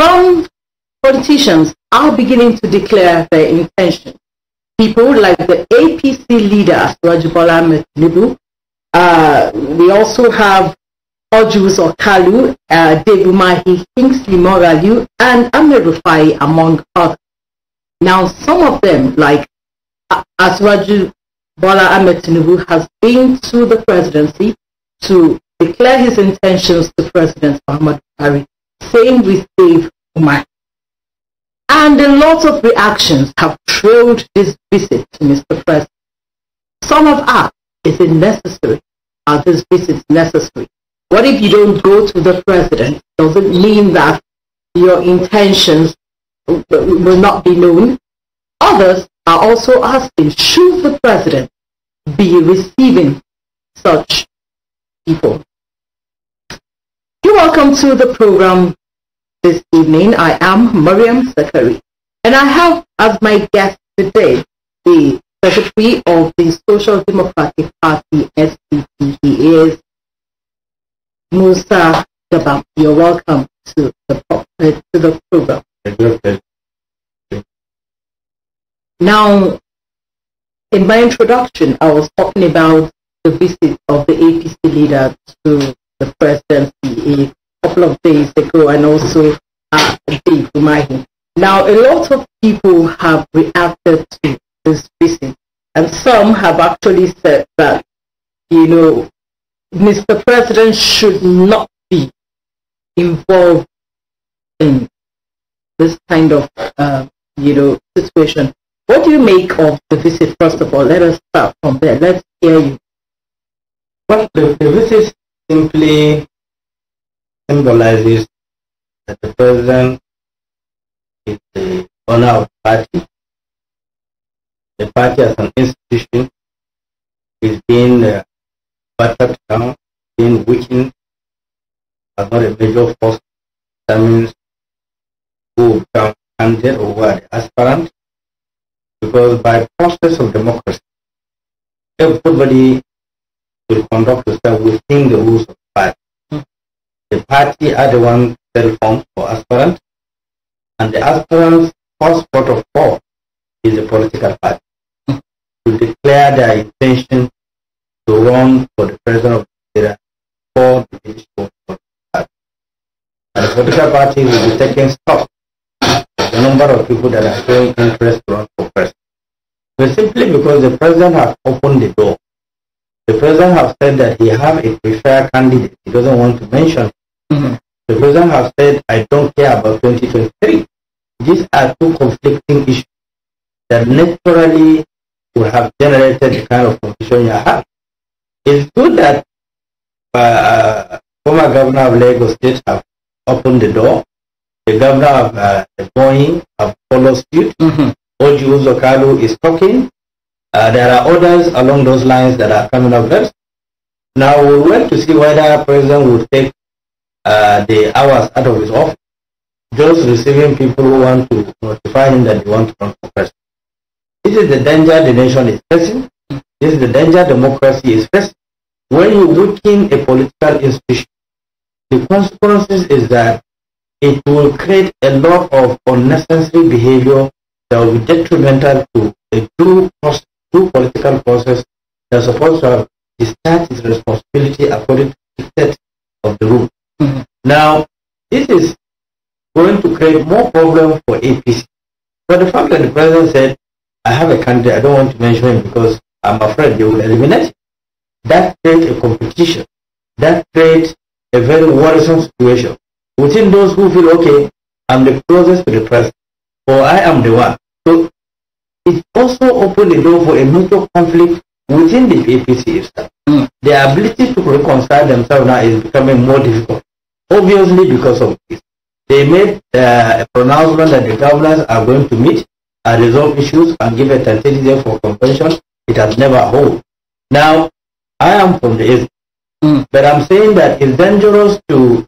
some politicians are beginning to declare their intention. People like the APC leader, Rajibola Tinubu. Uh, we also have Ojus Okalu, uh, Debumahi, Kingsley Moralu, and Amirufai, among others. Now, some of them, like uh, As Asraju Bola Ahmed has been to the presidency to declare his intentions to President Muhammad Buhari saying we save And a lot of reactions have trailed this visit to Mr. President. Some have asked, is it necessary? Are these visits necessary? What if you don't go to the president? Doesn't mean that your intentions will not be known. Others are also asking, should the president be receiving such people? You're welcome to the program this evening. I am Mariam Sakari, and I have as my guest today the Secretary of the Social Democratic Party, SDP. He is Musa Gabam. You're welcome to the, uh, to the program. Now, in my introduction, I was talking about the visit of the APC leader to the presidency a couple of days ago and also uh, Dave Umahi. Now, a lot of people have reacted to this visit, and some have actually said that, you know, Mr. President should not be involved in this kind of, uh, you know, situation. What do you make of the visit, first of all? Let us start from there. Let's hear you. Well, the, the visit simply symbolizes that the president is the owner of the party. The party as an institution is being uh, battered down, being weakened, but not a major force means who become candidate or who are the aspirant. Because by process of democracy, everybody will conduct itself within the rules of the party. Mm. The party are the ones that form for aspirants, and the aspirants' first port of call is the political party mm. to declare their intention to run for the president of Nigeria for the political party. And the political party will be taking stock of the number of people that are showing interest to run for president. But simply because the president has opened the door the president has said that he have a preferred candidate. He doesn't want to mention. Mm-hmm. The president has said, I don't care about 2023. These are two conflicting issues that naturally would have generated the kind of confusion you have. It's good that uh, former governor of Lagos State have opened the door. The governor of uh, Boeing have followed suit. Mm-hmm. Oji Uzokalu is talking. Uh, there are orders along those lines that are coming up next. Now we went to see whether President would take uh, the hours out of his office, just receiving people who want to notify him that they want to run for president. This is the danger the nation is facing. This is the danger democracy is facing. When you weaken a political institution, the consequences is that it will create a lot of unnecessary behavior that will be detrimental to a true. process through political process that supposed to have discharged responsibility according to the set of the rule. Mm -hmm. Now, this is going to create more problem for APC. But the fact that the president said, I have a candidate, I don't want to mention him because I'm afraid they will eliminate him. That creates a competition. That creates a very worrisome situation within those who feel, okay, I'm the closest to the president, or I am the one. So it also opened the door for a mutual conflict within the APC itself. Mm. Their ability to reconcile themselves now is becoming more difficult, obviously because of this. They made uh, a pronouncement that the governors are going to meet and uh, resolve issues and give a tentative date for convention. It has never held. Now, I am from the East, mm. but I'm saying that it's dangerous to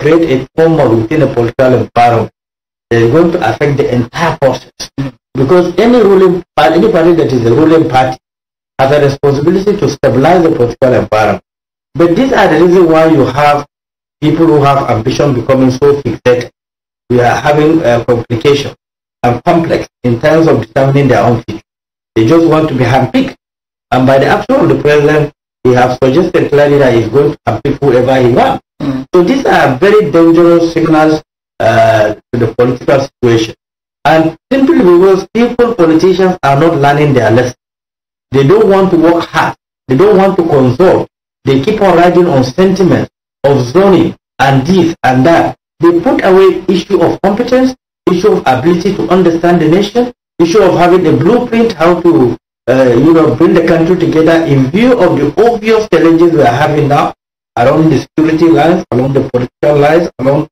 create a form of within a political environment that is going to affect the entire process. Mm. Because any ruling party, any party that is a ruling party has a responsibility to stabilize the political environment. But these are the reasons why you have people who have ambition becoming so fixated. We are having uh, complications and complex in terms of determining their own future. They just want to be handpicked. And by the action of the president, he has suggested clearly that he's going to handpick whoever he wants. Mm. So these are very dangerous signals uh, to the political situation. And simply because people, politicians are not learning their lesson. They don't want to work hard. They don't want to consult. They keep on riding on sentiments of zoning and this and that. They put away issue of competence, issue of ability to understand the nation, issue of having a blueprint how to uh, you know bring the country together in view of the obvious challenges we are having now around the security lines, along the political lines, along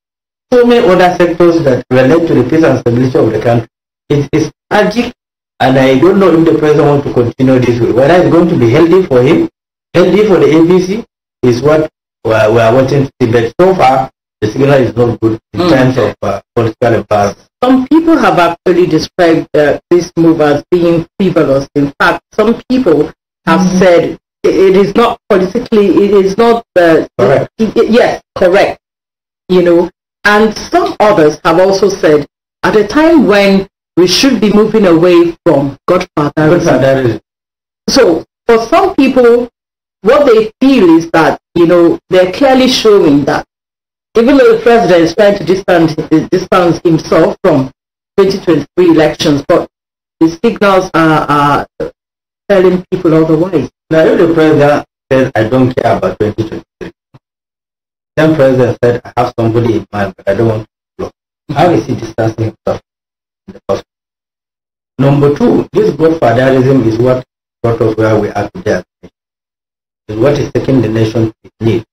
so many other sectors that relate to the peace and stability of the country. It is tragic, and I don't know if the president wants to continue this way. Whether it's going to be healthy for him, healthy for the APC, is what we are, waiting to see. But so far, the signal is not good in mm. terms of uh, political empowerment. Some people have actually described uh, this move as being frivolous. In fact, some people have mm. said it is not politically, it is not. Uh, correct. yes, correct. You know, and some others have also said, at a time when we should be moving away from Godfatherism. Godfatherism. So for some people, what they feel is that, you know, they're clearly showing that even though the president is trying to distance, distance himself from 2023 elections, but the signals are, are telling people otherwise. Now, if the president says, I don't care about 2023, then president said, I have somebody in mind, but I don't want to block. How is he distancing himself in the first Number two, this godfatherism is what brought us where we are today. Is what is taking the nation to its knees.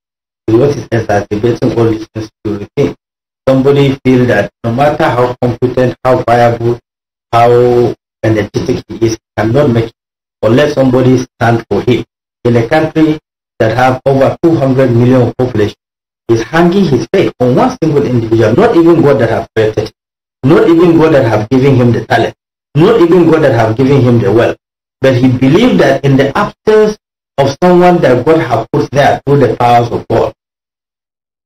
Is what is exacerbating all these things to rethink. Somebody feel that no matter how competent, how viable, how energetic he is, cannot make it unless somebody stand for him. In a country that have over 200 million population, is hanging his faith on one single individual, not even God that have created him, not even God that have given him the talent, not even God that have given him the wealth. But he believed that in the absence of someone that God have put there through the powers of God,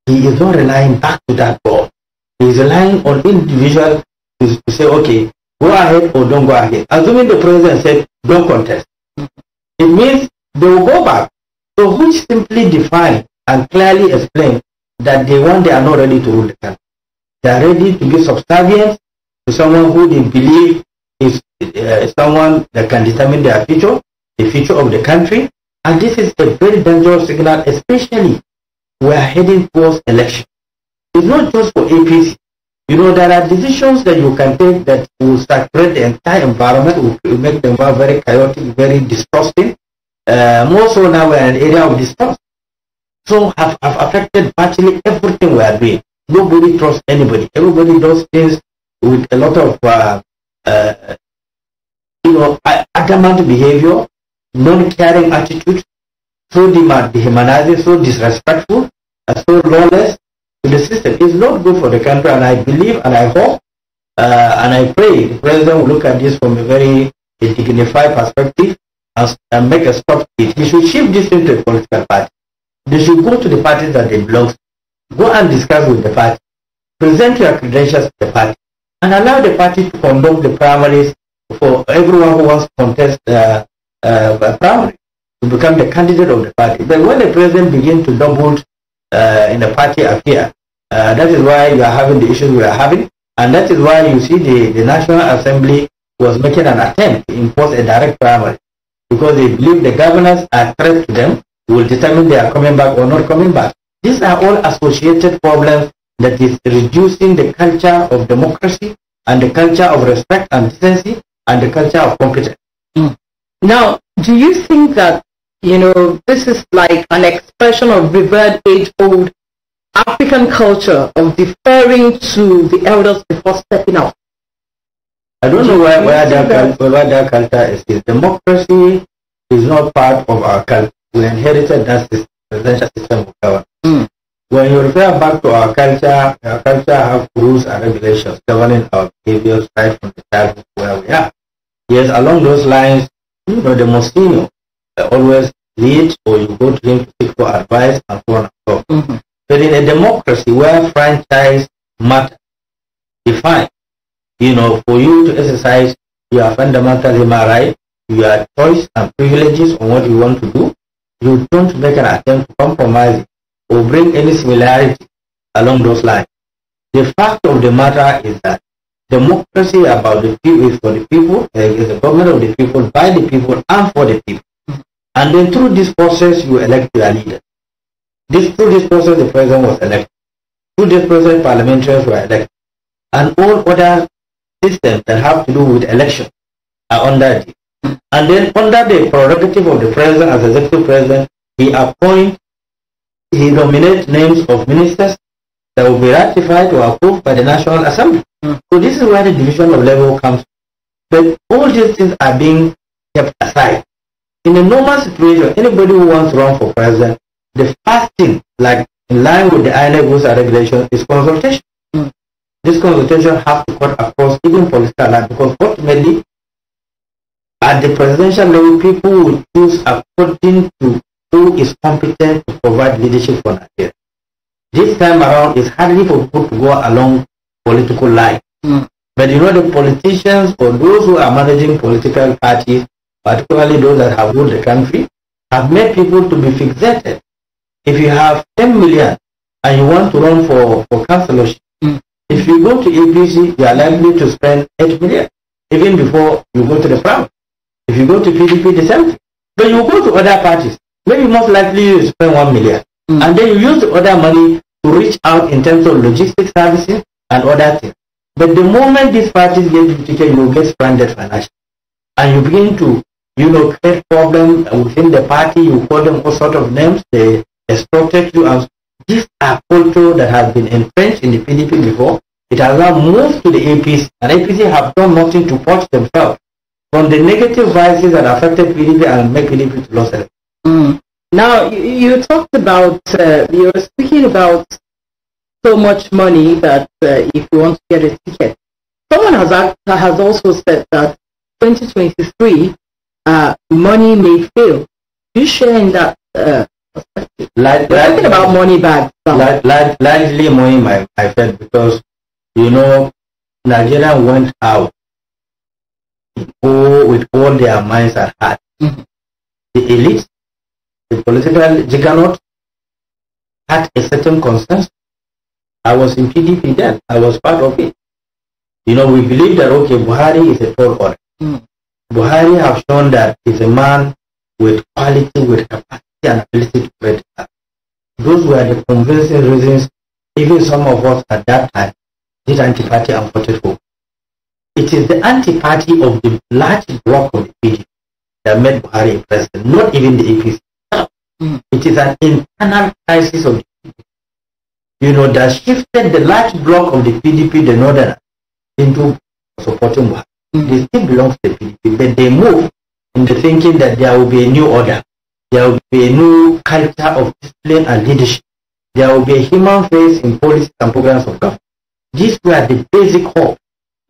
he is not relying back to that God. He is relying on individual to, to say, okay, go ahead or don't go ahead. Assuming the president said, don't contest. It means they will go back. So which simply defined and clearly explained that they want they are not ready to rule the country. They are ready to give subservience to someone who they believe is uh, someone that can determine their future, the future of the country. And this is a very dangerous signal, especially we are heading towards election. It's not just for APC. You know, there are decisions that you can take that will saturate the entire environment, will make the environment very chaotic, very distrusting. Uh, more so now we are in an area of distrust. So have, have affected virtually everything we are doing. Nobody trusts anybody. Everybody does things with a lot of, uh, uh, you know, adamant behavior, non-caring attitude, so dehumanizing, so disrespectful, and so lawless to the system. It's not good for the country, and I believe and I hope uh, and I pray the president will look at this from a very dignified perspective and, and make a stop to it. He should shift this into a political party. They should go to the party that they belong to. Go and discuss with the party. Present your credentials to the party. And allow the party to conduct the primaries for everyone who wants to contest the uh, uh primary to become the candidate of the party. But when the president begins to double uh, in the party affair, uh, that is why you are having the issues we are having. And that is why you see the, the National Assembly was making an attempt to impose a direct primary because they believe the governors are threat to them will determine they are coming back or not coming back. These are all associated problems that is reducing the culture of democracy and the culture of respect and decency and the culture of competence. Mm. Now, do you think that, you know, this is like an expression of revered age-old African culture of deferring to the elders before stepping out? I don't do know where, where, that, where that culture is. Democracy is not part of our culture we inherited that system, presidential system of power. Mm. When you refer back to our culture, our culture have rules and regulations governing our behaviors right from the childhood where we are. Yes, along those lines, you know, the Monsignor uh, always leads or you go to him to seek for advice and so on and so forth. Mm -hmm. But in a democracy where franchise matters, define, you know, for you to exercise your fundamental human right, your choice and privileges on what you want to do, you don't make an attempt to compromise or bring any similarity along those lines. The fact of the matter is that democracy about the people is for the people, eh, is the government of the people, by the people, and for the people. And then through this process, you elect your leader. This, through this process, the president was elected. Through this process, parliamentarians were elected. And all other systems that have to do with election are under this. And then under the prerogative of the president as executive president, he appoints, he nominates names of ministers that will be ratified or approved by the National Assembly. Mm. So this is where the division of level comes. But all these things are being kept aside. In a normal situation, anybody who wants to run for president, the first thing, like in line with the INA rules and regulations, is consultation. Mm. This consultation has to cut across even political line because ultimately at the presidential level, people will choose according to who is competent to provide leadership for Nigeria. This time around, it's hardly for people to go along political line. Mm. But you know, the politicians or those who are managing political parties, particularly those that have ruled the country, have made people to be fixated. If you have 10 million and you want to run for, for councillorship, mm. if you go to APC, you are likely to spend 8 million, even before you go to the prime. If you go to PDP dissent, then you go to other parties. Maybe most likely you spend one million. Mm. And then you use the other money to reach out in terms of logistic services and other things. But the moment these parties get defeated, you get stranded financially. And you begin to, you know, create problems within the party. You call them all sort of names. They exploited you. And these are culture that has been entrenched in the PDP before. It has now moved to the APC. And APC have done nothing to purge themselves from the negative biases that affected PDP and make PDP to lose mm. Now, you, you, talked about, uh, you were speaking about so much money that uh, if you want to get a ticket. Someone has, asked, has also said that 2023, uh, money may fail. You share in that uh, perspective? Like, like, talking about money back. Like, like, largely money might, I felt because, you know, Nigeria went out go with all their minds at heart. Mm-hmm. The elites, the political juggernaut, had a certain consensus. I was in PDP then. I was part of it. You know, we believe that, okay, Buhari is a tall order. Mm. Buhari have shown that he's a man with quality, with capacity and ability to create Those were the convincing reasons even some of us at that time did anti-party and voted it is the anti-party of the large block of the PDP that made Buhari president, not even the APC. Mm. It is an internal crisis of the PDP. You know, that shifted the large block of the PDP, the Northern, into supporting Buhari. Mm. They still belong to the PDP, but they move in the thinking that there will be a new order. There will be a new culture of discipline and leadership. There will be a human face in policy and programs of government. These were the basic hope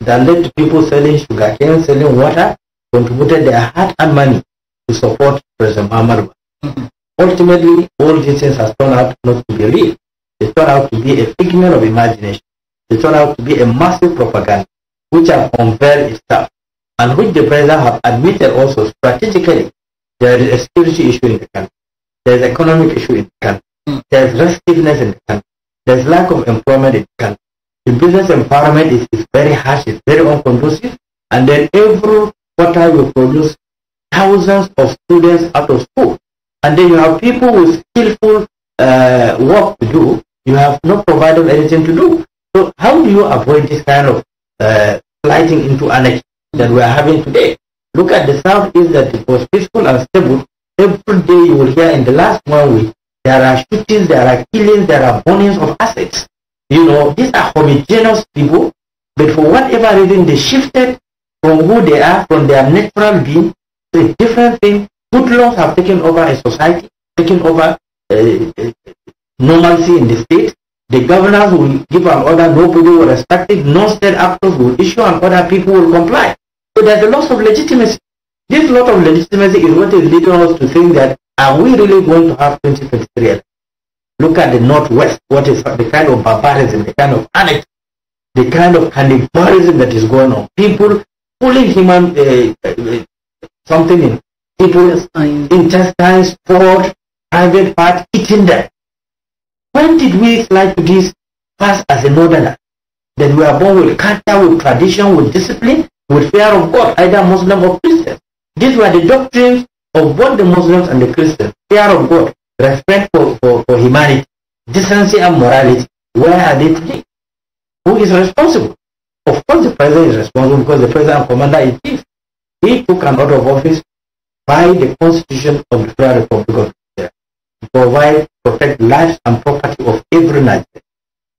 that led people selling sugarcane, selling water, contributed their heart and money to support President Muhammad mm-hmm. Ultimately, all these things have turned out not to be real. They turned out to be a figment of imagination. They turned out to be a massive propaganda which have unveiled itself and which the president have admitted also strategically there is a security issue in the country. There is economic issue in the country. Mm. There is restiveness in the country. There is lack of employment in the country the business environment is, is very harsh, it's very unconducive, and then every quarter you produce thousands of students out of school. And then you have people with skillful uh, work to do, you have not provided anything to do. So how do you avoid this kind of uh, sliding into anarchy that we are having today? Look at the East that it was peaceful and stable. Every day you will hear in the last one week, there are shootings, there are killings, there are burnings of assets. You know, these are homogeneous people, but for whatever reason they shifted from who they are, from their natural being, to a different thing. Good laws have taken over a society, taken over uh, uh normalcy in the state. The governors will give an order, nobody will respect it, no state actors will issue an order, people will comply. So there's a loss of legitimacy. This loss of legitimacy is what is leading us to think that are we really going to have 2023 Look at the Northwest, what is the kind of barbarism, the kind of anarchy, the kind of cannibalism that is going on. People pulling human uh, uh something in people's intestines, poured, private part, eating them. When did we slide to this pass as a northerner? Then we are born with culture, with tradition, with discipline, with fear of God, either Muslim or Christian. These were the doctrines of both the Muslims and the Christians, fear of God, respect for, for, for humanity, decency and morality, where are they today? Who is responsible? Of course the president is responsible because the president and commander-in-chief. He took an oath of office by the constitution of the Federal Republic of Nigeria to provide, protect lives and property of every Nigerian.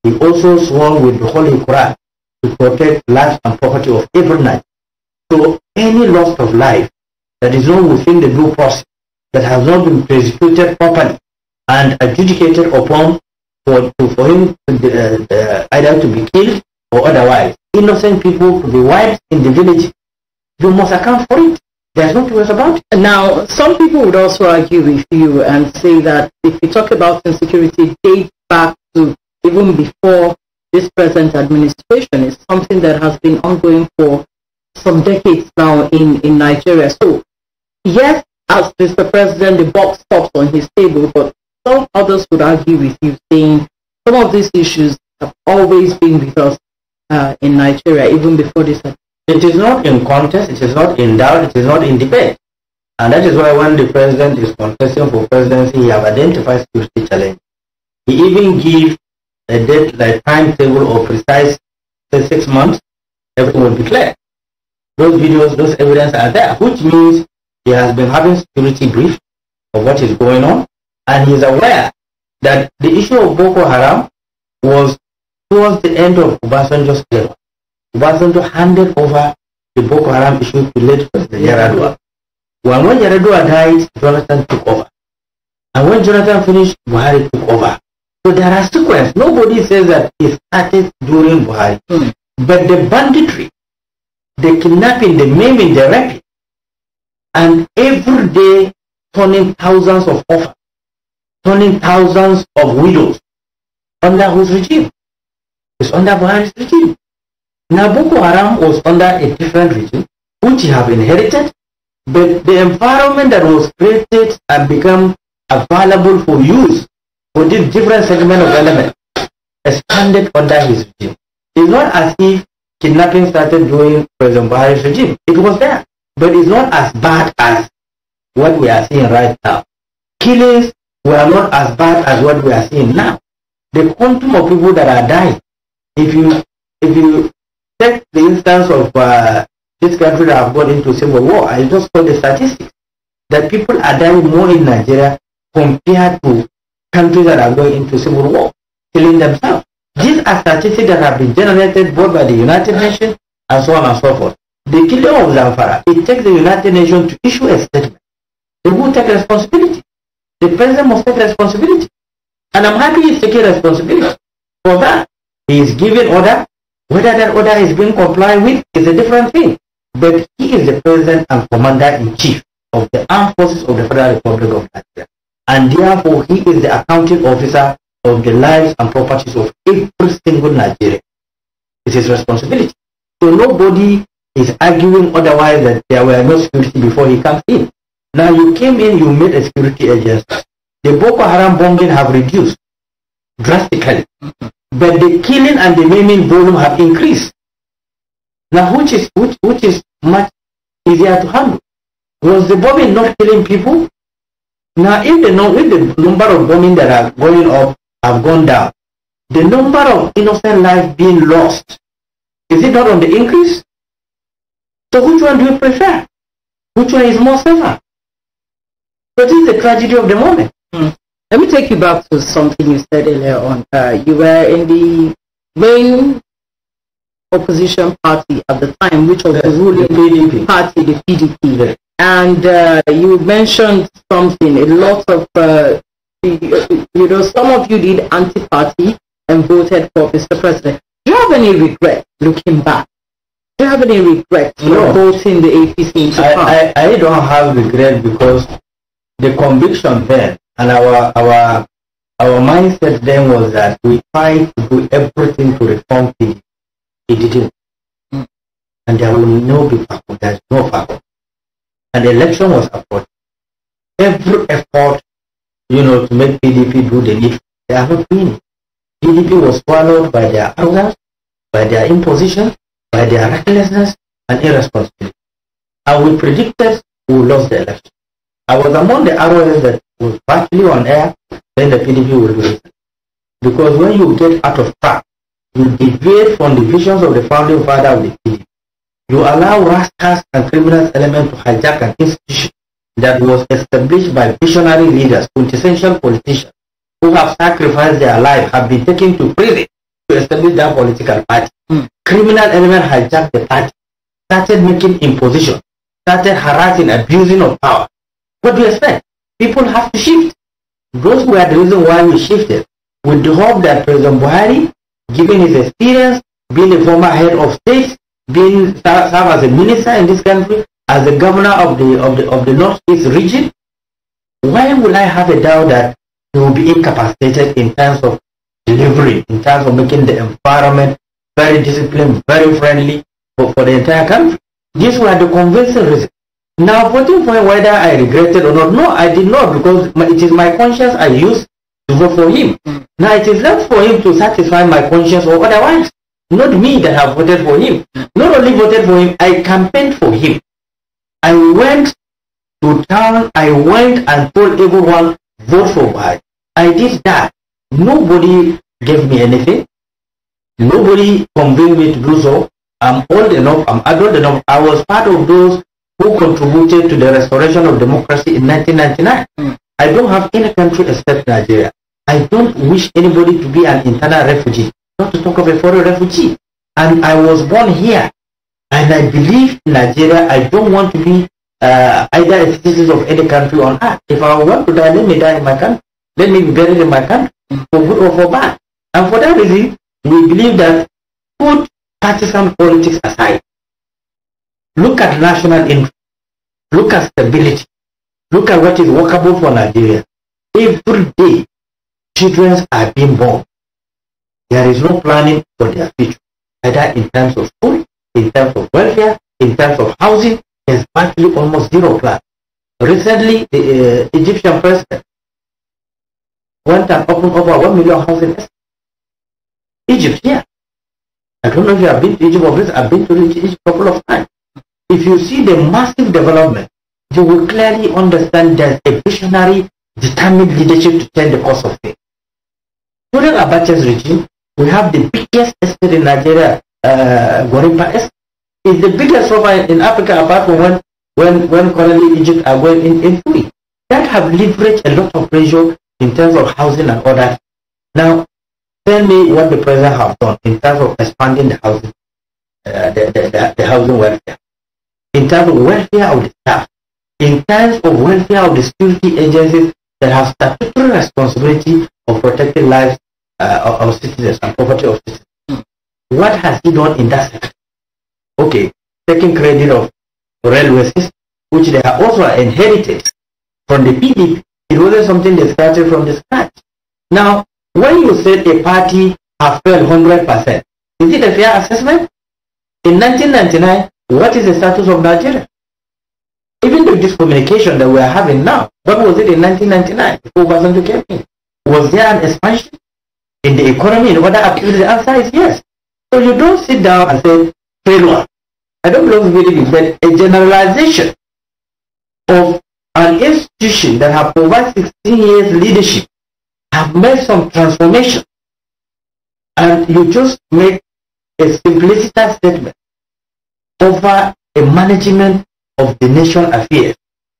He also swore with the Holy Quran to protect lives and property of every Nigerian. So any loss of life that is not within the due process that has not been prosecuted properly and adjudicated upon for, for him to, uh, uh, either to be killed or otherwise. Innocent people to be wiped in the village. You must account for it. There's no two ways about it. Now, some people would also argue with you and say that if you talk about insecurity, dates back to even before this present administration. It's something that has been ongoing for some decades now in, in Nigeria. So, yes, as Mr. President, the box stops on his table, but some others would argue with you, saying some of these issues have always been with us uh, in Nigeria, even before this. It is not in contest, it is not in doubt, it is not in debate. And that is why when the president is contesting for presidency, he has identified security challenge. He even gives a date, like timetable or precise say six months, everything will be clear. Those videos, those evidence are there, which means he has been having security brief of what is going on, and he's aware that the issue of Boko Haram was towards the end of Obasanjo's era. Obasanjo handed over the Boko Haram issue to late President Yaradua. Well, when Yaradua died, Jonathan took over. And when Jonathan finished, Buhari took over. So there are sequence. Nobody says that it started during Buhari. Mm. But the banditry, the kidnapping, the maiming, the raping, and every day turning thousands of orphans, turning thousands of widows under whose regime? It's under Buhari's regime. Now Boko Haram was under a different regime, which he have inherited, but the environment that was created and become available for use for this different segment of element expanded under his regime. It's not as if kidnapping started during President Buhari's regime. It was there. But it's not as bad as what we are seeing right now. Killings were not as bad as what we are seeing now. The quantum of people that are dying, if you if you take the instance of uh, this country that have gone into civil war, I just saw the statistics that people are dying more in Nigeria compared to countries that are going into civil war, killing themselves. These are statistics that have been generated both by the United Nations and so on and so forth the kingdom of Zamfara, it takes the United Nations to issue a statement. They will take responsibility. The president must take responsibility. And I'm happy he's taking responsibility for that. He is giving order. Whether that order is being complied with is a different thing. But he is the president and commander-in-chief of the armed forces of the Federal Republic of Nigeria. And therefore, he is the accounting officer of the lives and properties of every single Nigerian. It's his responsibility. So nobody is arguing otherwise that there were no security before he comes in. Now you came in, you made a security adjustment. The Boko Haram bombing have reduced drastically, but the killing and the maiming volume have increased. Now which is which which is much easier to handle? Was the bombing not killing people? Now if the, if the number of bombing that are going up have gone down, the number of innocent lives being lost, is it not on the increase? So which one do you prefer? Which one is more safer? So this is the tragedy of the moment. Mm. Let me take you back to something you said earlier on. Uh, you were in the main opposition party at the time, which was yes, the ruling the party, the PDP. Yes. And uh, you mentioned something, a lot of, uh, you, you know, some of you did anti-party and voted for Mr. President. Do you have any regret looking back do you have any regret no. both the APC? I, I, I don't have regret because the conviction then and our our our mindset then was that we tried to do everything to reform things. It didn't. Mm. And there will no be backup. There's no backup. And the election was approaching. Every effort, you know, to make PDP do the need, they have not been. PDP was swallowed by their arrogance, by their imposition, by their recklessness and irresponsibility. And we predicted we would lose the election. I was among the ROS that was partly on air, then the PDP will lose. Because when you get out of track, you deviate from the visions of the founding father of the PDP. You allow rascals and criminal elements to hijack an institution that was established by visionary leaders, quintessential politicians, who have sacrificed their life, have been taken to prison, to establish their political party. Mm. Criminal element hijacked the party, started making imposition, started harassing, abusing of power. What do you expect? People have to shift. Those were the reason why we shifted. With the hope that President Buhari, given his experience, being a former head of state, being served as a minister in this country, as the governor of the of the of the northeast region, why would I have a doubt that he will be incapacitated in terms of delivery, in terms of making the environment very disciplined, very friendly for, for the entire country. These were the convincing reasons. Now, voting for him, whether I regretted or not, no, I did not because it is my conscience I used to vote for him. Now, it is not for him to satisfy my conscience or otherwise. Not me that have voted for him. Not only voted for him, I campaigned for him. I went to town, I went and told everyone, vote for Buhari. I did that. Nobody gave me anything. Nobody convinced me to do so. I'm old enough, I'm adult enough. I was part of those who contributed to the restoration of democracy in 1999. Mm. I don't have any country except Nigeria. I don't wish anybody to be an internal refugee, not to talk of a foreign refugee. And I was born here. And I believe in Nigeria, I don't want to be uh, either a citizen of any country on earth. If I want to die, let me die in my country. Let me be buried in my country for good or for bad. And for that reason, we believe that put partisan politics aside. Look at national interest. Look at stability. Look at what is workable for Nigeria. Every day, children are being born. There is no planning for their future, either in terms of school, in terms of welfare, in terms of housing, there's practically almost zero plan. Recently, the uh, Egyptian president one time opened over 1 million houses. Egypt, yeah. I don't know if you have been to Egypt or I've been to Egypt a couple of times. If you see the massive development, you will clearly understand there's a visionary, determined leadership to change the course of things. During Abacha's regime, we have the biggest estate in Nigeria, uh, Gorimpa Estate. It's the biggest river in Africa apart from when, when, when currently Egypt are going in, into it. That have leveraged a lot of pressure in terms of housing and all that. Now, tell me what the president has done in terms of expanding the housing, uh, the, the, the, the, housing welfare, in terms of welfare of the staff, in terms of welfare of the security agencies that have statutory responsibility of protecting lives uh, of, citizens and property of citizens. Hmm. What has he done in that sector? Okay, taking credit of railways, which they have also inherited from the PDP it wasn't something they started from the scratch. Now, when you said a party has failed 100%, is it a fair assessment? In 1999, what is the status of Nigeria? Even this communication that we are having now, what was it in 1999 before Obasanjo came in? Was there an expansion in the economy in other activities? The answer is yes. So you don't sit down and say failure. I don't believe it is, but a generalization of an institution that have provided 16 years leadership have made some transformation and you just make a simplistic statement over a management of the national affairs,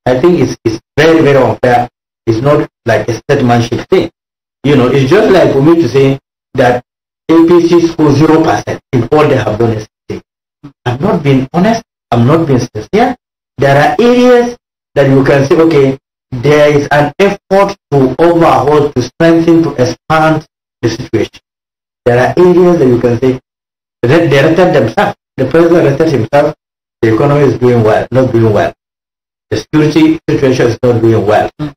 I think it's, it's very, very unfair. It's not like a statesmanship thing. You know, it's just like for me to say that APC scored 0% in all they have done is i am not being honest. i am not being sincere. There are areas that you can say, okay, there is an effort to overhaul, to strengthen, to expand the situation. There are areas that you can say, that they rented themselves. The president rented himself. The economy is doing well, not doing well. The security situation is not doing well. Mm.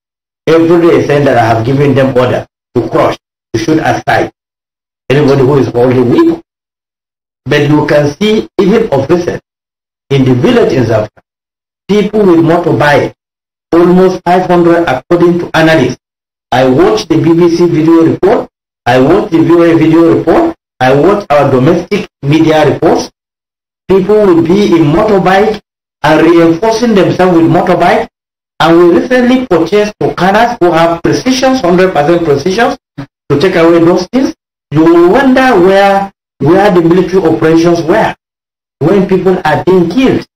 Every day saying that I have given them order to crush, to shoot aside anybody who is holding me. But you can see, even officers in the village in Zambia, people with buy almost 500 according to analysts. I watched the BBC video report, I watched the VOA video report, I watched our domestic media reports. People will be in motorbike and reinforcing themselves with motorbike. And we recently purchased Okanas who have precision, 100% precision to take away those things. You will wonder where, where the military operations were when people are being killed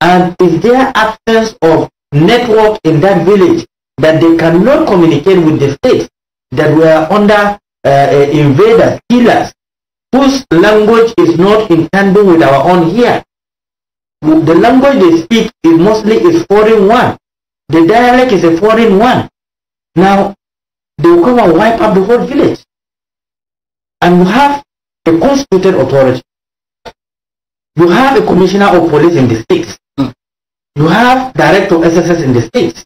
and is there absence of network in that village that they cannot communicate with the state that were under uh, invaders, killers, whose language is not in tandem with our own here. The language they speak is mostly is foreign one. The dialect is a foreign one. Now, they will come and wipe up the whole village. And we have a constituted authority. You have a commissioner of police in the states. Mm. You have director of SSS in the states.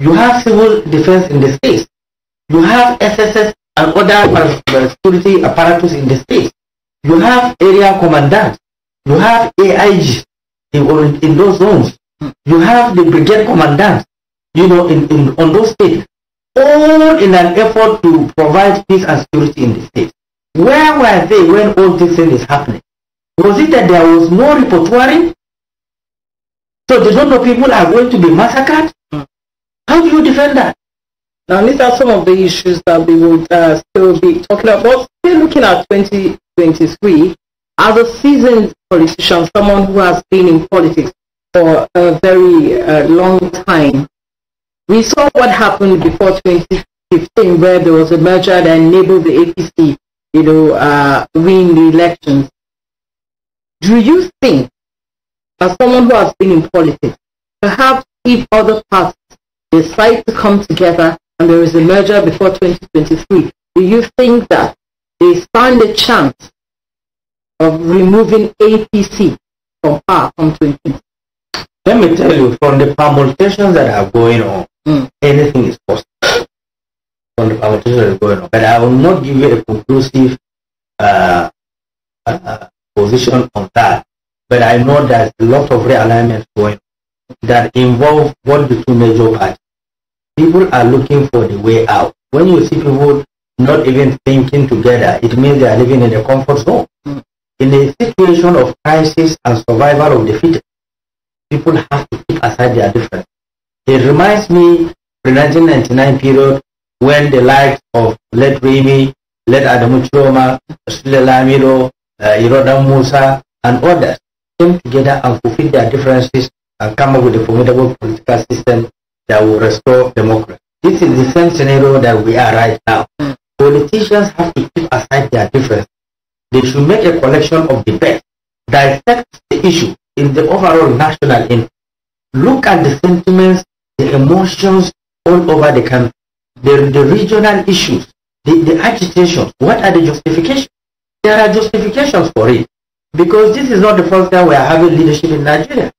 You have civil defense in the states. You have SSS and other security apparatus in the states. You have area commandant. You have AIG in, in those zones. Mm. You have the brigade commandant, you know, in, in on those states. All in an effort to provide peace and security in the state. Where were they when all this thing is happening? Was it that there was no repertory? So the number of people are going to be massacred? How do you defend that? Now, these are some of the issues that we would uh, still be talking about. Still looking at 2023, as a seasoned politician, someone who has been in politics for a very uh, long time, we saw what happened before 2015, where there was a merger that enabled the APC, you know, uh, win the elections. Do you think, as someone who has been in politics, perhaps if other parties decide to come together and there is a merger before 2023, do you think that they stand a chance of removing APC from power from 2023? Let me tell you, from the permutations that are going on, mm. anything is possible. From the permutations that are going on. But I will not give you a conclusive uh, uh, position on that. But I know there's a lot of realignment going that involve what the two major parties. People are looking for the way out. When you see people not even thinking together, it means they are living in a comfort zone. Mm. In a situation of crisis and survival of the fittest, people have to keep aside their differences. It reminds me the 1999 period when the likes of Led Remy, Led Adamu Choma, Sule Lamido, Iroda uh, Musa, and others came together and fulfilled their differences and come up with a formidable political system that will restore democracy. This is the same scenario that we are right now. Hmm. Politicians have to keep aside their differences. They should make a collection of the best, dissect the issue in the overall national interest, look at the sentiments, the emotions all over the country, the, the regional issues, the, the agitation, what are the justifications? There are justifications for it because this is not the first time we are having leadership in Nigeria.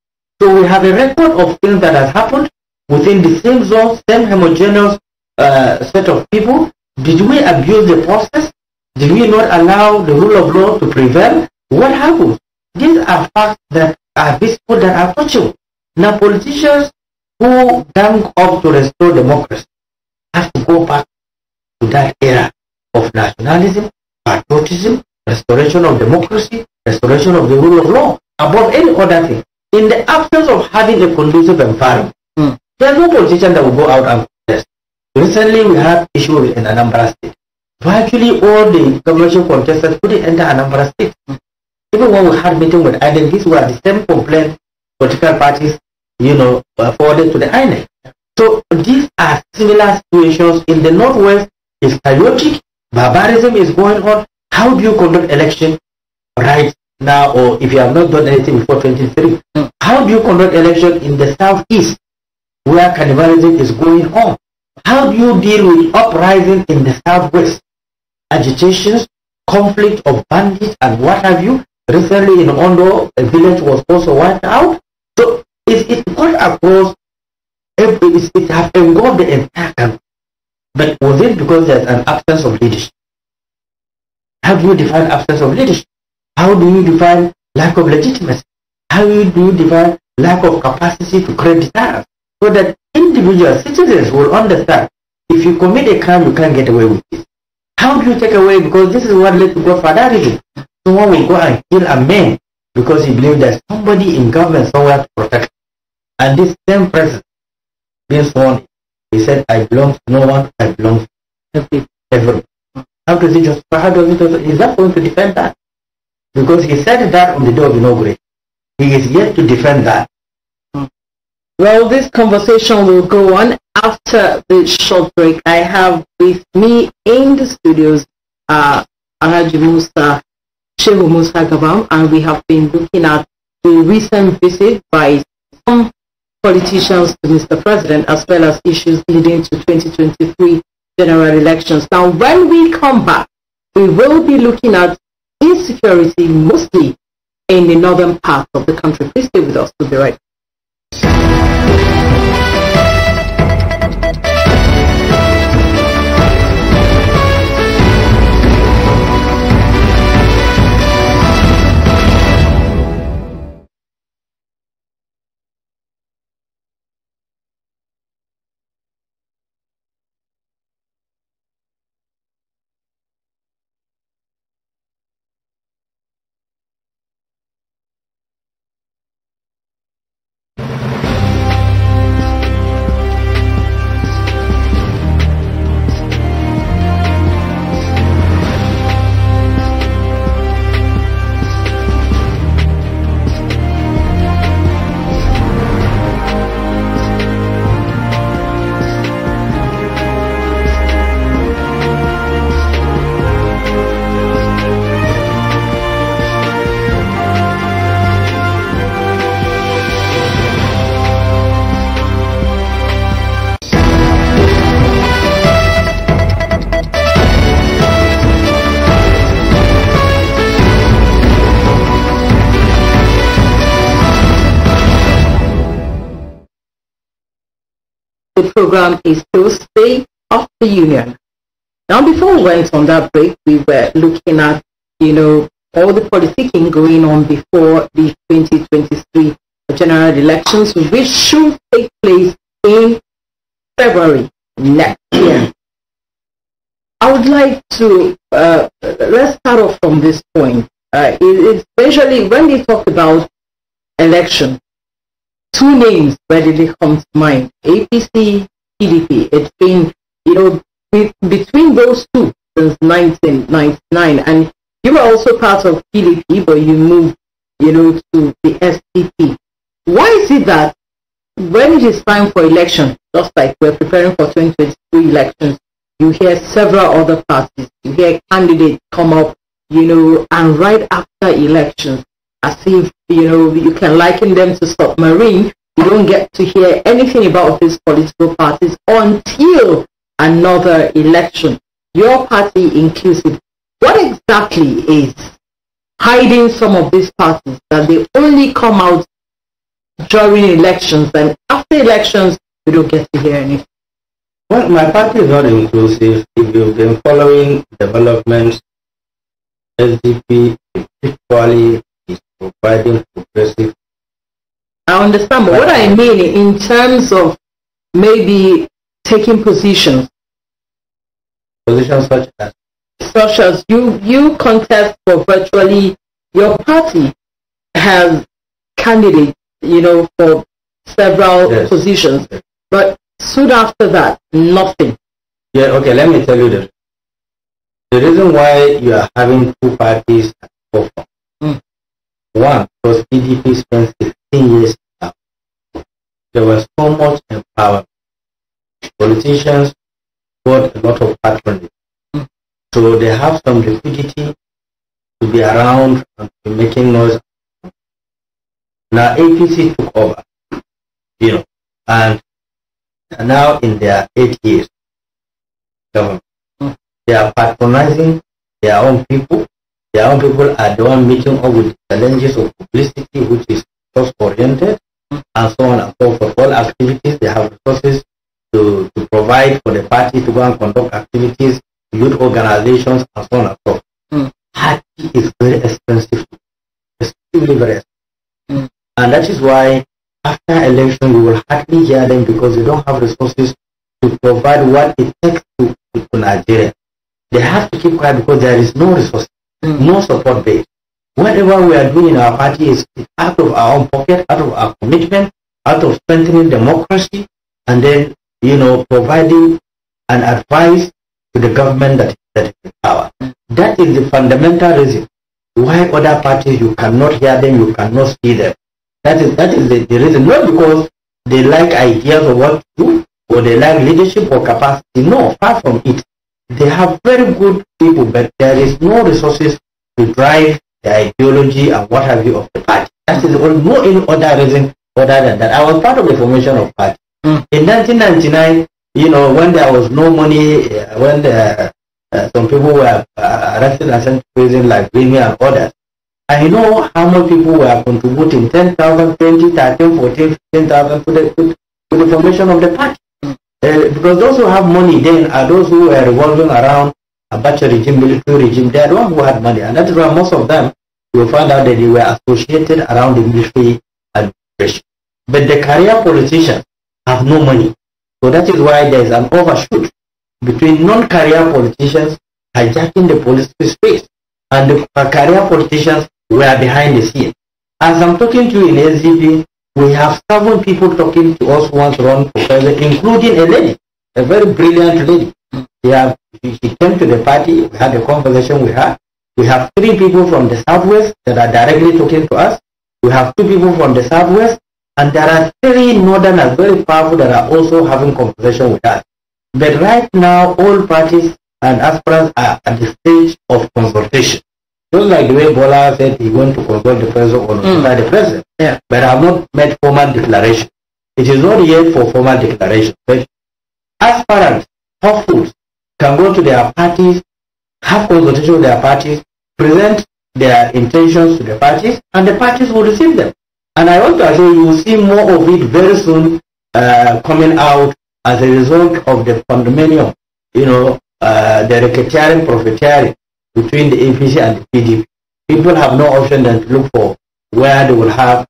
So we have a record of things that has happened within the same zone, same homogeneous uh, set of people. Did we abuse the process? Did we not allow the rule of law to prevail? What happened? These are facts that are visible that are touchable. Now politicians who gang up to restore democracy have to go back to that era of nationalism, patriotism, restoration of democracy, restoration of the rule of law, above any other thing. In the absence of having a conducive environment, mm. there are no politicians that will go out and protest. Recently, we had issue in Anambra State. Virtually all the commercial contestants couldn't enter Anambra State. Mm. Even when we had meeting with INEC, these were the same complaint. political parties, you know, forwarded to the INEC. So these are similar situations in the Northwest. It's chaotic, barbarism is going on, how do you conduct election right now, or if you have not done anything before 23, mm. how do you conduct election in the southeast where cannibalism is going on? How do you deal with uprising in the southwest? Agitations, conflict of bandits and what have you. Recently in Ondo, a village was also wiped out. So it, it got across, it, it, it has engulfed the entire country. But was it because there's an absence of leadership? How do you define absence of leadership? How do you define lack of legitimacy? How do you define lack of capacity to create desires? So that individual citizens will understand if you commit a crime, you can't get away with it. How do you take away? Because this is what led to godfatherism. Someone will go and kill a man because he believes that somebody in government somewhere to protect him. And this same president, being sworn, he said, I belong to no one, I belong to everyone. How does it just How does it justify? He's not going to defend that. Because he said that on the day of inauguration. He is yet to defend that. Well, this conversation will go on after the short break. I have with me in the studios uh, Alhaji Musa Shehu Musa Gabam, and we have been looking at the recent visit by some politicians to Mr. President, as well as issues leading to 2023 general elections. Now, when we come back, we will be looking at insecurity mostly in the northern part of the country. Please stay with us. We'll be right back. program is to stay of the Union. Now, before we went on that break, we were looking at, you know, all the politicking going on before the 2023 general elections, which should take place in February next year. I would like to, uh, let's start off from this point. Uh, it, it's basically when they talk about election, two names readily come to mind, APC, PDP. It's been, you know, be, between those two since 1999. And you were also part of PDP, but you moved, you know, to the SDP. Why is it that when it is time for election, just like we're preparing for 2022 elections, you hear several other parties, you hear candidates come up, you know, and right after elections, as if, you know, you can liken them to submarine. You don't get to hear anything about these political parties until another election. Your party inclusive. What exactly is hiding some of these parties that they only come out during elections and after elections you don't get to hear anything? Well, my party is not inclusive. If you've been following developments, SDP, particularly providing progressive. I understand, but what I mean in terms of maybe taking positions. Positions such as? Such as you, you contest for virtually your party has candidates, you know, for several yes. positions. Yes. But soon after that, nothing. Yeah, okay, let me tell you this. The reason why you are having two parties at the forefront one, because PDP spent 16 years out. There was so much empowerment. Politicians got a lot of patronage. So they have some liquidity to be around and be making noise. Now APC took over, you know, and now in their eight years government. Mm. They are patronizing their own people young people are the one meeting up with challenges of publicity, which is cost oriented and so on and so forth. All activities, they have resources to, to provide for the party to go and conduct activities, youth organizations, and so on and so forth. Mm. Party is very expensive, extremely very expensive. Mm. And that is why after election, we will hardly hear them because they don't have resources to provide what it takes to, to Nigeria. They have to keep quiet because there is no resources. Mm. no support base. Whatever we are doing in our party is out of our own pocket, out of our commitment, out of strengthening democracy, and then, you know, providing an advice to the government that, that is in power. Mm. That is the fundamental reason why other parties, you cannot hear them, you cannot see them. That is, that is the, the reason, not because they like ideas of what to do, or they like leadership or capacity. No, far from it. They have very good people, but there is no resources to drive the ideology and what have you of the party. That is all, no any other reason other than that. I was part of the formation of party. Mm. In 1999, you know, when there was no money, uh, when the, uh, uh, some people were uh, arrested and sent to prison like Vimy and others, I know how many people were contributing 10,000, 20, 13, 14, 15,000 to the, to the formation of the party. Uh, because those who have money then are those who are revolving around Abacha regime, military regime. They are the ones who had money. And that's why most of them, you find out that they were associated around the military administration. But the career politicians have no money. So that is why there is an overshoot between non-career politicians hijacking the political space and the career politicians were behind the scenes. As I'm talking to you in SDP, we have seven people talking to us once run president, including a lady, a very brilliant lady. She, have, she came to the party, we had a conversation with her. We have three people from the southwest that are directly talking to us. We have two people from the southwest, and there are three northerners very powerful that are also having conversation with us. But right now, all parties and aspirants are at the stage of consultation. Just like the way Bola said he went to consult the president or notify mm. the president. Yeah. But I have not made formal declaration. It is not yet for formal declaration. But aspirants, hopefuls, can go to their parties, have consultation with their parties, present their intentions to the parties, and the parties will receive them. And I want to assure you, you will see more of it very soon uh, coming out as a result of the condominium, you know, uh, the racketeering, profiteering, between the APC and the PDP. People have no option than to look for where they will have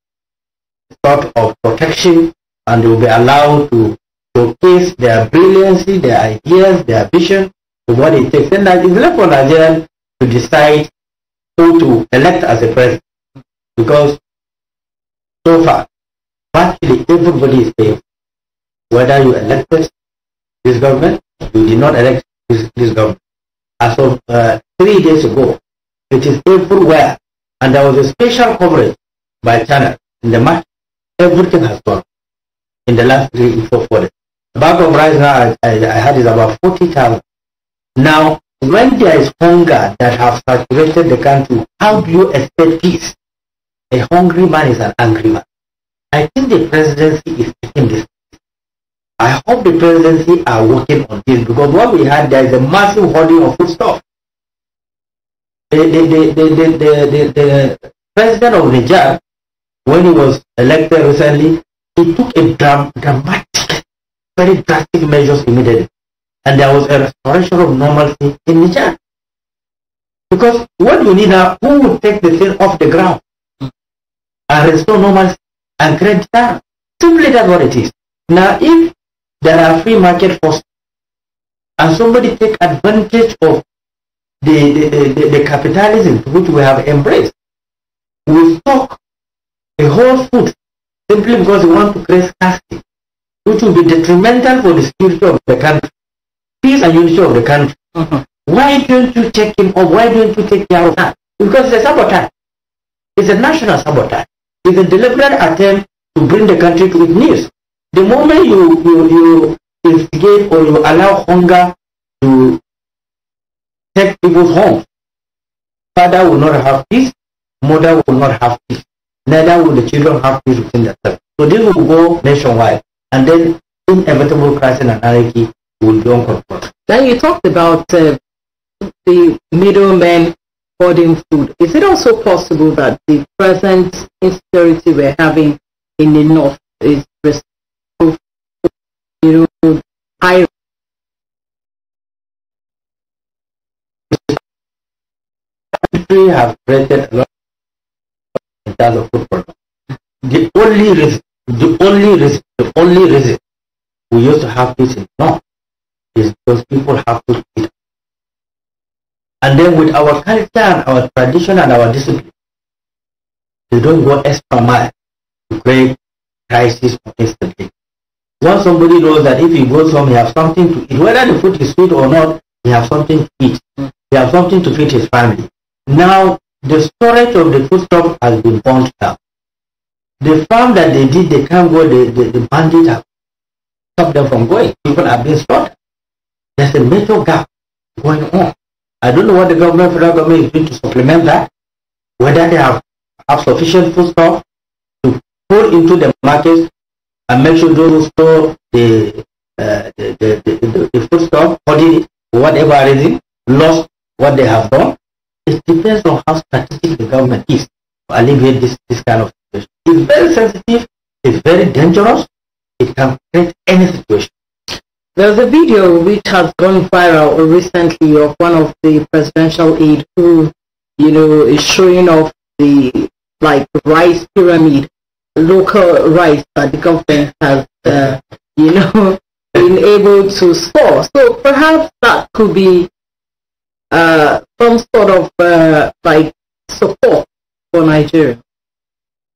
sort of protection and they will be allowed to showcase their brilliancy, their ideas, their vision to what it takes. And that is left for Nigerians to decide who to elect as a president because so far virtually everybody is paying. Whether you elected this government, you did not elect this, this government. As of uh, three days ago. It is everywhere. And there was a special coverage by China in the market. Everything has gone in the last three, four days. The bag of rice now I, I, I had is about 40,000. Now, when there is hunger that has saturated the country, how do you expect peace? A hungry man is an angry man. I think the presidency is taking this. I hope the presidency are working on this because what we had there is a massive hoarding of foodstuff the, the, the, the, the, the president of Niger, when he was elected recently, he took a dram dramatic, very drastic measures immediately. And there was a restoration of normalcy in Niger. Because what you need now, who will take the thing off the ground and restore normalcy and create that? Simply that's what it is. Now, if there are free market forces and somebody take advantage of the, the, the, the capitalism which we have embraced. We stock the whole food simply because we want to create scarcity, which will be detrimental for the security of the country, peace and unity of the country. Mm -hmm. Why don't you take him or why don't you take care of that? Because it's a sabotage. It's a national sabotage. It's a deliberate attempt to bring the country to its knees. The moment you, you, you instigate or you allow hunger to take people home. Father will not have peace, mother will not have peace, neither will the children have peace within themselves. So this will go nationwide, and then inevitable crisis and anarchy will be uncontrolled. Then you talked about uh, the middlemen hoarding food. Is it also possible that the present insecurity we're having in the north is responsible for country have created a lot of food products. The only reason, the only reason, the only reason we used to have this in north is because people have to eat. And then with our culture and our tradition and our discipline, they don't go extra mile to create crisis or instability. Once somebody knows that if he goes home, he has something to eat, whether the food is sweet or not, he has something to eat. He has something to feed his family. Now, the storage of the food stuff has been burnt down. The farm that they did, they can't go, the, the, the bandit have stopped them from going. People are being slaughtered. There's a major gap going on. I don't know what the government, federal government is doing to supplement that, whether they have, have sufficient food stuff to pour into the markets and make sure those store the, uh, the, the, the, the, the food stuff, holding whatever reason, lost what they have done, it depends on how strategic the government is to alleviate this, this kind of situation. It's very sensitive, it's very dangerous, it can create any situation. There's a video which has gone viral recently of one of the presidential aide who, you know, is showing off the like rice pyramid, local rice that the government has, uh, you know, been able to store. So perhaps that could be uh, some sort of uh, like support for Nigeria?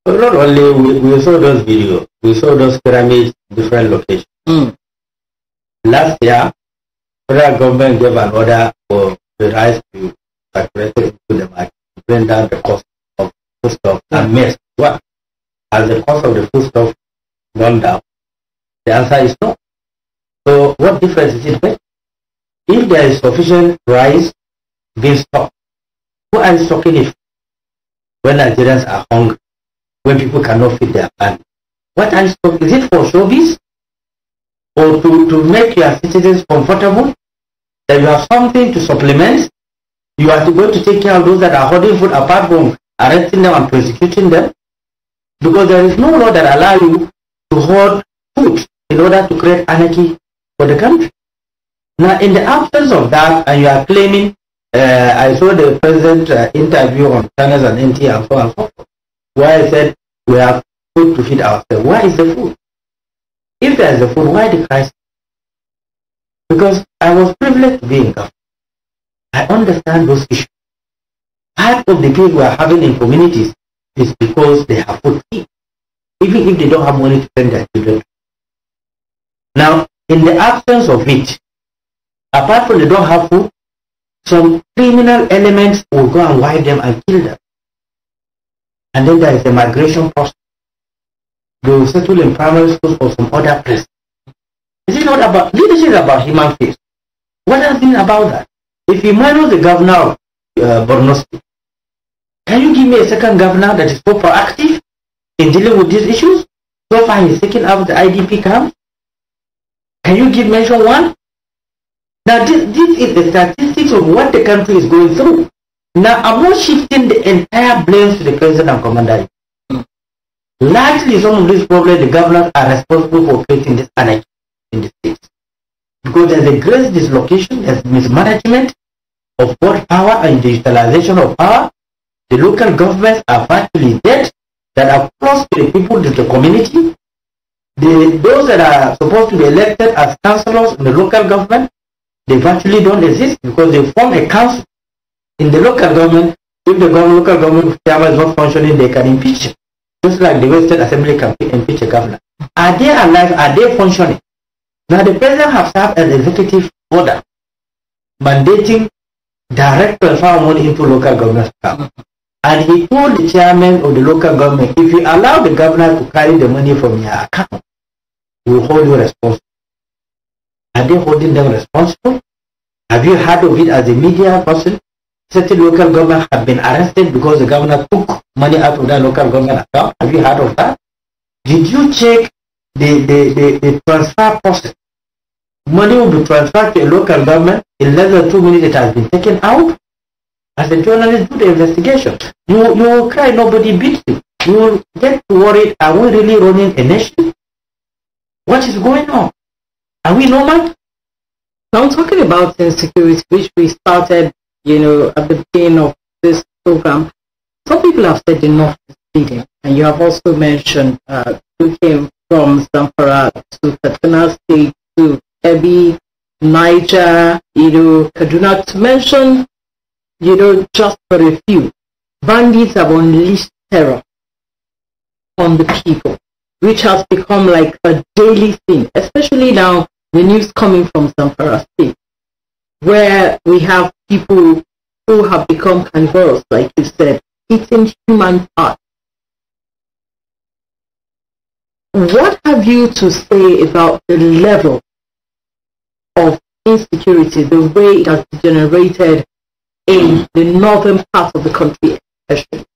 But not only we, we saw those videos, we saw those pyramids different locations. Mm. Last year, federal government gave an order for the rice to saturate into the market to bring down the cost of foodstuff mm. and mess. Hmm. What? As the cost of the foodstuff gone down? The answer is no. So what difference is it make? If there is sufficient rice being stocked. Who are you stocking it when Nigerians are hungry, when people cannot feed their family? What are you stocking? Is it for showbiz? Or to, to make your citizens comfortable? That you have something to supplement? You are going to take care of those that are holding food apart from arresting them and prosecuting them? Because there is no law that allows you to hold food in order to create anarchy for the country. Now, in the absence of that, and you are claiming uh, I saw the present uh, interview on channels and NT and so on and so forth, where I said we have food to feed ourselves. Where is the food? If there is a food, why the crisis? Because I was privileged to be in government. I understand those issues. Part of the people we are having in communities is because they have food to eat, even if they don't have money to send their children. Now, in the absence of it, apart from they don't have food, some criminal elements will go and wipe them and kill them. And then there is the migration process. They will settle in primary schools or some other place. Is it not about leadership about human face? What has been about that? If you minus the governor of uh, can you give me a second governor that is so proactive in dealing with these issues? So far he's taking out the IDP camp. Can you give mention one? Now, this, this is the statistics of what the country is going through. Now, I'm not shifting the entire blame to the president and commander. Mm. Largely, some of these problems, the governors are responsible for creating this anarchy in the states. Because there's a great dislocation, there's mismanagement of both power and digitalization of power. The local governments are virtually dead that are close to the people, to the community. The, those that are supposed to be elected as councillors in the local government they virtually don't exist because they form a council. In the local government, if the government, local government chairman is not functioning, they can impeach Just like the Western Assembly can impeach a governor. Are they alive? Are they functioning? Now the president has served an executive order mandating direct transfer money into local government account. And he told the chairman of the local government, if you allow the governor to carry the money from your account, we will hold you responsible. Are they holding them responsible? Have you heard of it as a media person? Certain local government have been arrested because the governor took money out of that local government account. Have you heard of that? Did you check the, the, the, the transfer process? Money will be transferred to a local government. In less than two minutes, it has been taken out. As a journalist, do the investigation. You, you will cry, nobody beat you. You will get worried, are we really running a nation? What is going on? Are we normal? Now I'm talking about insecurity, which we started, you know, at the beginning of this program. Some people have said enough is bleeding, and you have also mentioned uh, who came from Zamfara to Katana State to Ebi, Niger, you know, Kaduna, to mention, you know, just for a few. Bandits have unleashed terror on the people, which has become like a daily thing, especially now the news coming from Zamfara State, where we have people who have become cannibals, like you said, eating human parts. What have you to say about the level of insecurity, the way it has degenerated in the northern part of the country, especially?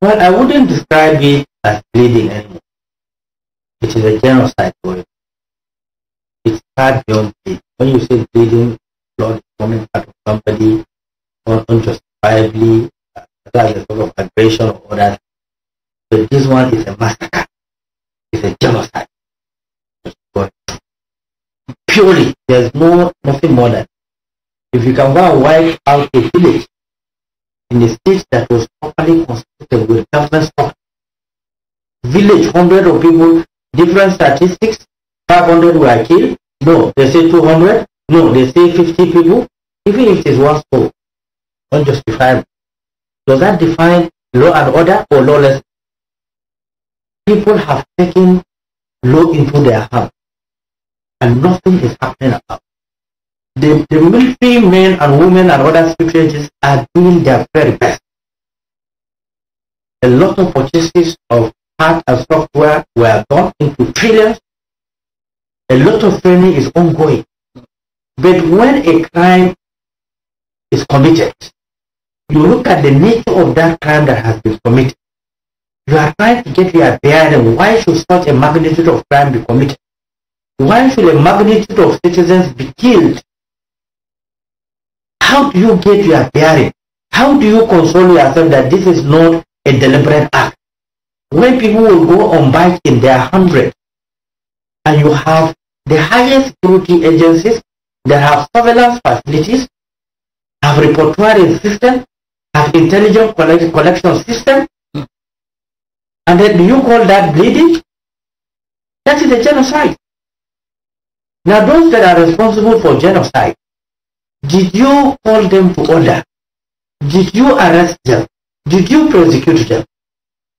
Well, I wouldn't describe it as bleeding anymore. It is a genocide going. it had your When you say bleeding blood is coming out of somebody or unjustifiably that is a sort of aggression or others, but this one is a massacre. It's a genocide. But purely, there's no nothing more than if you can go and wipe out a village in a state that was properly constructed with government stock. Village, hundred of people, different statistics, 500 were killed, no, they say 200. No, they say 50 people. Even if it is one soul, unjustifiable. Does that define law and order or lawlessness? People have taken law into their hands and nothing is happening about the, the military men and women and other secretaries are doing their very best. A lot of purchases of hardware and software were done into trillions a lot of training is ongoing. But when a crime is committed, you look at the nature of that crime that has been committed. You are trying to get your bearing. Why should such a magnitude of crime be committed? Why should a magnitude of citizens be killed? How do you get your bearing? How do you console yourself that this is not a deliberate act? When people will go on bike in their hundreds and you have the highest security agencies that have surveillance facilities, have reporting system, have intelligence collection system, and then do you call that bleeding? That is a genocide. Now those that are responsible for genocide, did you call them to order? Did you arrest them? Did you prosecute them?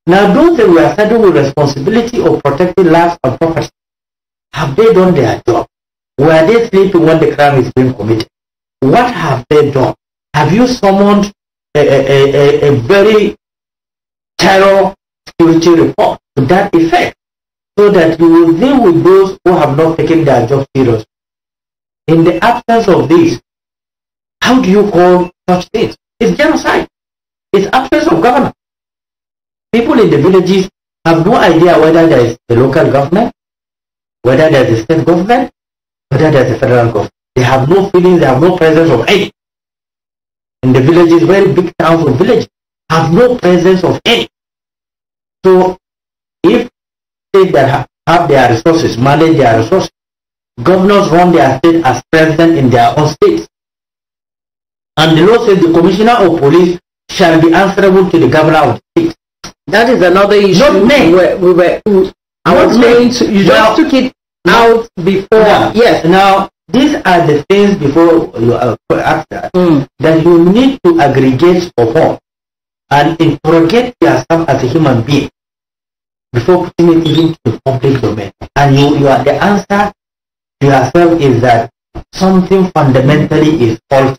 Now those that were saddled with responsibility of protecting lives and property, have they done their job? Were they sleeping when the crime is being committed? What have they done? Have you summoned a, a, a, a very terror security report to that effect so that you will deal with those who have not taken their job seriously? In the absence of this, how do you call such things? It's genocide. It's absence of government. People in the villages have no idea whether there is a local government, whether there's a state government, whether there's a federal government. They have no feelings, they have no presence of any. In the villages, very big towns or villages, have no presence of any. So if states that have their resources, manage their resources, governors run their state as president in their own states. And the law says the commissioner of police shall be answerable to the governor of the state. That is another issue. Not me. We were, we were, I was going to, you just well, took it out before. Yes. Now, these are the things before you uh, ask that, mm. that you need to aggregate upon and interrogate yourself as a human being before putting it into the public domain. And you, you are the answer to yourself is that something fundamentally is false.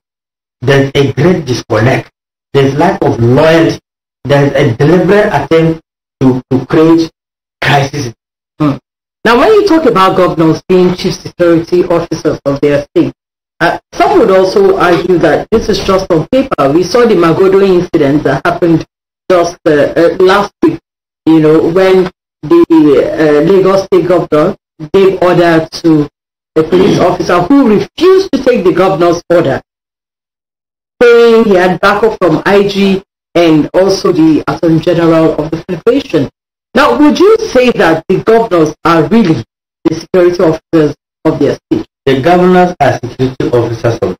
There's a great disconnect. There's lack of loyalty. There's a deliberate attempt to, to create crisis. Mm. Now, when you talk about governors being chief security officers of their state, uh, some would also argue that this is just on paper. We saw the Magodo incident that happened just uh, uh, last week, you know, when the uh, Lagos state governor gave order to a police officer who refused to take the governor's order, saying he had backup from IG and also the Attorney General of the Federation. Now, would you say that the governors are really the security officers of their state? The governors are security officers of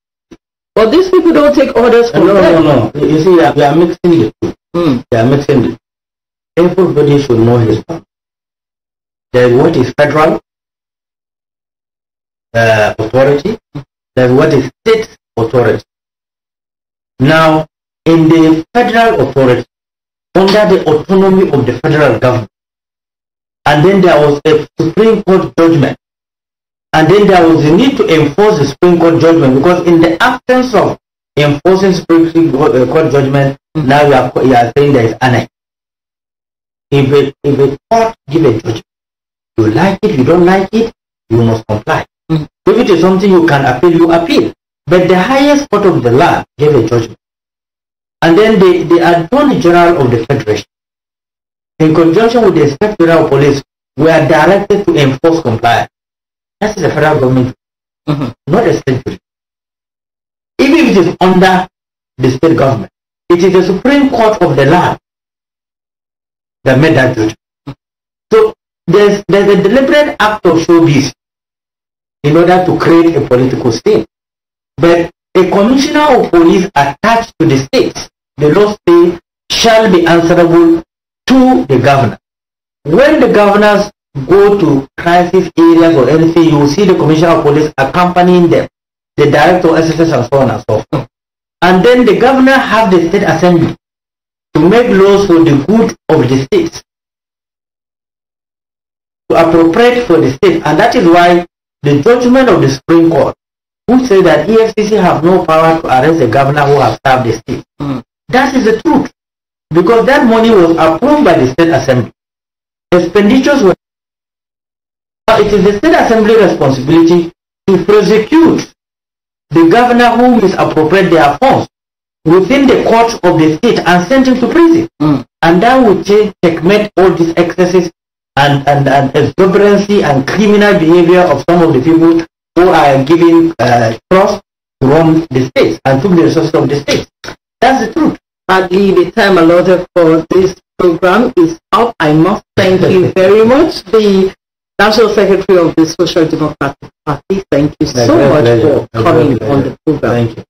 But these people don't take orders from no, them. No, no, You see, they are mixing the two. Mm. They are mixing it. Everybody should know his There is what is federal uh, authority. There is what is state authority. Now, in the federal authority, under the autonomy of the federal government. And then there was a Supreme Court judgment. And then there was a need to enforce the Supreme Court judgment because in the absence of enforcing Supreme uh, Court judgment, now you are, you are saying there is anarchy. If a, if a court give a judgment, you like it, you don't like it, you must comply. Hmm. If it is something you can appeal, you appeal. But the highest court of the land gave a judgment and then the, the Attorney General of the Federation, in conjunction with the Inspector of Police, were directed to enforce compliance. That is the federal government, mm -hmm. not the state government. Even if it is under the state government, it is the Supreme Court of the land that made that judgment. Mm -hmm. So there's, there's a deliberate act of showbiz in order to create a political state. But a commissioner of police attached to the state, the law state, shall be answerable to the governor. When the governors go to crisis areas or anything, you will see the commissioner of police accompanying them, the director of SSS and so on and so forth. And then the governor have the state assembly to make laws for the good of the state, to appropriate for the state. And that is why the judgment of the Supreme Court who say that EFCC have no power to arrest the governor who has served the state. Mm. That is the truth. Because that money was approved by the state assembly. Expenditures were... Now it is the state assembly responsibility to prosecute the governor who misappropriate their funds within the court of the state and send him to prison. Mm. And that would checkmate all these excesses and, and, and exuberancy and criminal behavior of some of the people who are giving uh, trust run the state and to the resources of the state. That's the truth. Sadly, the time allotted for this program is up. I must thank you very much, the National Secretary of the Social Democratic Party. Thank you so much pleasure. for coming on the program. Thank you.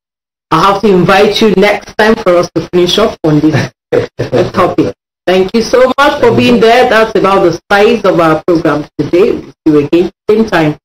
I have to invite you next time for us to finish up on this topic. Thank you so much for being there. That's about the size of our program today. We'll see you again, same time.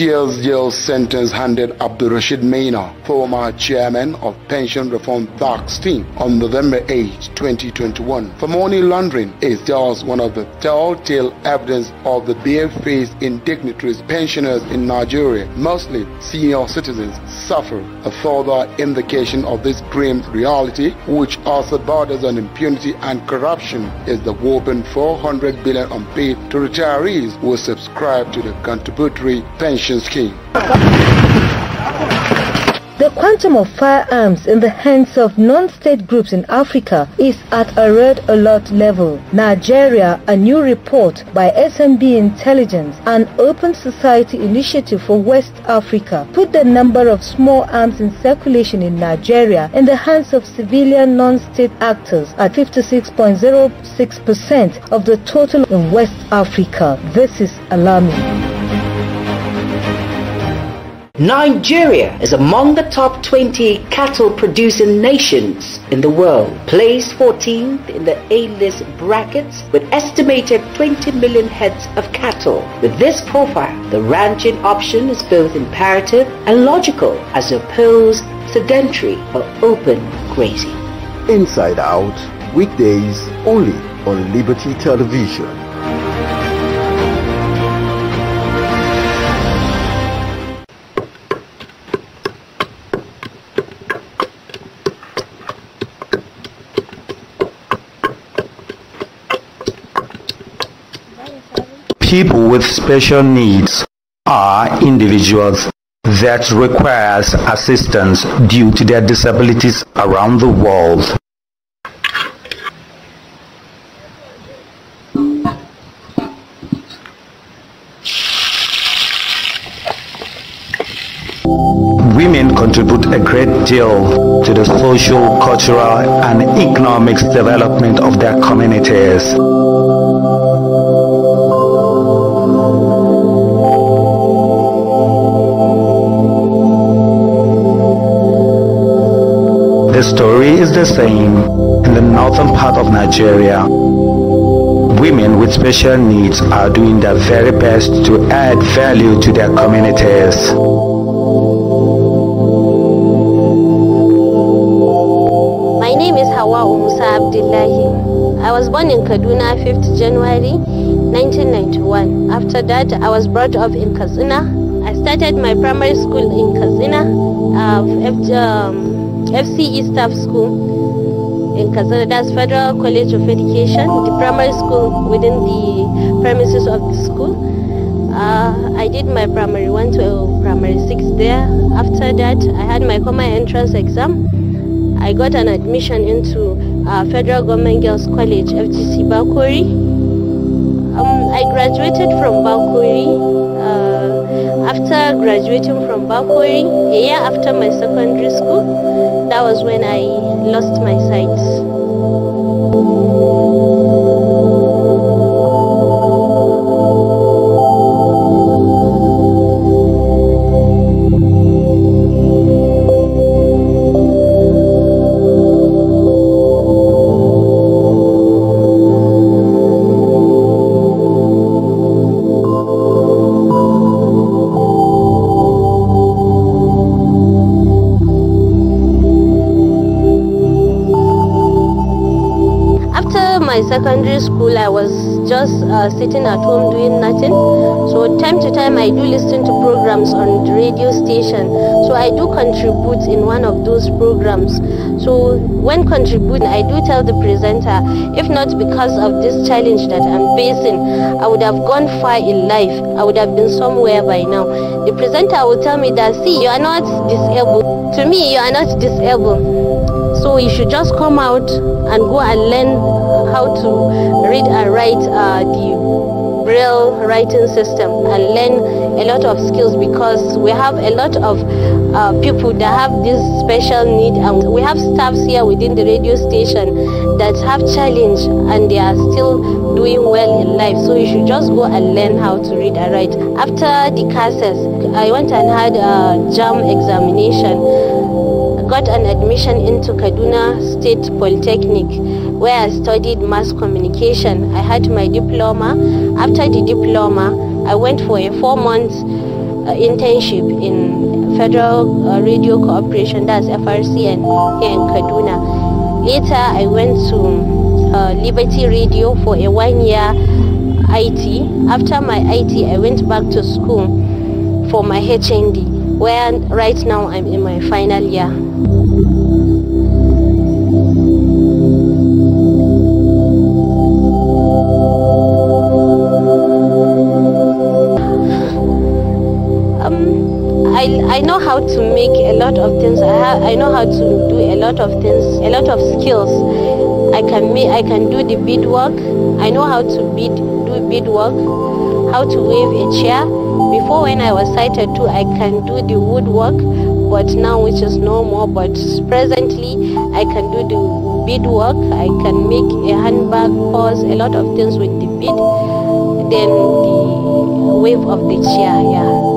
year's jail sentence handed Abdul Rashid Maina, former chairman of Pension Reform Thugs team, on November 8, 2021, for money laundering is just one of the telltale evidence of the barefaced indignities pensioners in Nigeria, mostly senior citizens, suffer. A further indication of this grim reality, which also borders on impunity and corruption, is the whopping 400 billion unpaid to retirees who subscribe to the contributory pension the quantum of firearms in the hands of non-state groups in Africa is at a red alert level. Nigeria, a new report by SMB Intelligence, an open society initiative for West Africa, put the number of small arms in circulation in Nigeria in the hands of civilian non-state actors at 56.06% of the total in West Africa. This is alarming. Nigeria is among the top 20 cattle producing nations in the world, placed 14th in the A-list brackets with estimated 20 million heads of cattle. With this profile, the ranching option is both imperative and logical as opposed sedentary or open grazing. Inside Out, weekdays only on Liberty Television. People with special needs are individuals that requires assistance due to their disabilities around the world. Women contribute a great deal to the social, cultural and economic development of their communities. The story is the same in the northern part of Nigeria. Women with special needs are doing their very best to add value to their communities. My name is Hawa Musa Abdullahi. I was born in Kaduna 5th January 1991. After that, I was brought up in Kazina. I started my primary school in Kazina. Uh, after, um, FCE Staff School in Kazanadas Federal College of Education, the primary school within the premises of the school. Uh, I did my primary 1 to primary 6 there. After that, I had my common entrance exam. I got an admission into uh, Federal Government Girls College, FGC Bakuri. Um, I graduated from Bakuri. Uh, after graduating from Bakuri, a year after my secondary school, that was when I lost my sight. secondary school, I was just uh, sitting at home doing nothing. So time to time, I do listen to programs on the radio station. So I do contribute in one of those programs. So when contributing, I do tell the presenter, if not because of this challenge that I'm facing, I would have gone far in life. I would have been somewhere by now. The presenter will tell me that, see, you are not disabled. To me, you are not disabled. So you should just come out and go and learn how to read and write uh, the braille writing system and learn a lot of skills because we have a lot of uh, people that have this special need and we have staffs here within the radio station that have challenge and they are still doing well in life so you should just go and learn how to read and write after the classes i went and had a jam examination got an admission into Kaduna State Polytechnic where I studied mass communication. I had my diploma. After the diploma, I went for a four month uh, internship in Federal uh, Radio Corporation, that's FRCN, here in Kaduna. Later, I went to uh, Liberty Radio for a one year IT. After my IT, I went back to school for my HND, where right now I'm in my final year. make a lot of things. I, have, I know how to do a lot of things, a lot of skills. I can make, I can do the beadwork. I know how to bead, do beadwork, how to weave a chair. Before when I was sighted too, I can do the woodwork, but now which is no more. But presently, I can do the beadwork. I can make a handbag, purse, a lot of things with the bead. Then the wave of the chair, yeah.